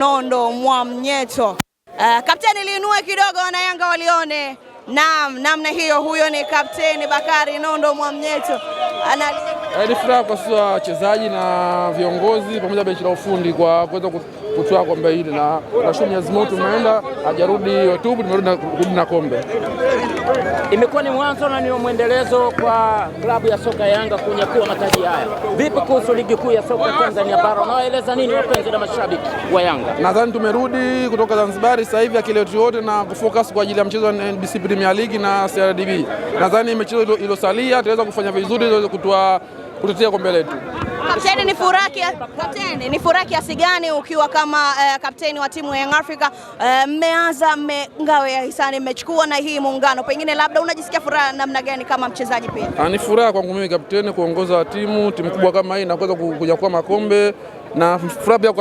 Nondo Mwamnyeto. Uh, eh, kapteni liinue kidogo na Yanga walione. Naam, namna hiyo. Huyo ni kapteni Bakari Nondo Mwamnyeto. Ana eh, ni furaha kwa sisi wachezaji na viongozi pamoja na benchi la ufundi kwa kuweza kutoa kombe hili, na tunashukuru Mwenyezi Mungu tumeenda, hajarudi YouTube tumerudi na kombe imekuwa ni mwanzo na ni mwendelezo kwa klabu ya soka ya Yanga kunyakua mataji haya. Vipi kuhusu ligi kuu ya soka Tanzania bara, unawaeleza nini wapenzi na mashabiki wa Yanga? Nadhani tumerudi kutoka Zanzibar sasa hivi akili yetu yote na kufocus kwa ajili ya mchezo wa NBC Premier League na CRDB. Nadhani michezo iliyosalia tutaweza kufanya vizuri, tuweze kutoa kutetea kombe letu. Kapteni, ni furaha kapteni, ni furaha kiasi gani ukiwa kama uh, kapteni wa timu ya Young Africa eh, mmeanza uh, ngawe ya hisani mmechukua na hii muungano, pengine labda unajisikia furaha namna gani kama mchezaji pia? Ah, ni furaha kwangu mimi kapteni kuongoza timu timu kubwa kama hii na kuweza kwa makombe na furaha pia kwa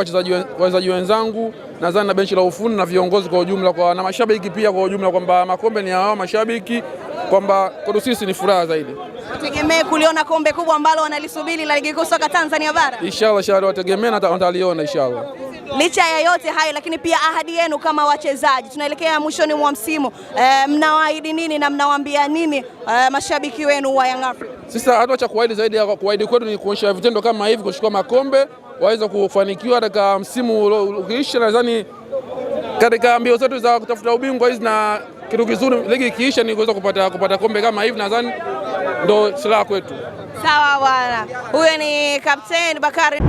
wachezaji wenzangu nadhani na benchi la ufundi na viongozi kwa ujumla kwa, na mashabiki pia kwa ujumla kwamba makombe ni ya wao mashabiki, kwamba kwetu sisi ni furaha zaidi. Tutegemee kuliona kombe kubwa ambalo wanalisubiri la ligi kuu soka Tanzania bara. Inshallah, shahada wategemee na wataliona inshallah. Licha ya yote hayo, lakini pia ahadi yenu kama wachezaji, tunaelekea mwishoni mwa msimu e, mnawaahidi nini na mnawaambia nini e, mashabiki wenu wa Young Africa? Sisi hata cha kuahidi zaidi ya kuahidi kwetu ni kuonyesha vitendo kama hivi, kuchukua makombe waweza kufanikiwa katika msimu ukiisha. Nadhani katika mbio zetu za kutafuta ubingwa hizi na kitu kizuri, ligi ikiisha, ni kuweza kupata, kupata kombe kama hivi nadhani ndo silaha kwetu. Sawa bwana, huyo ni Kapteni Bakari.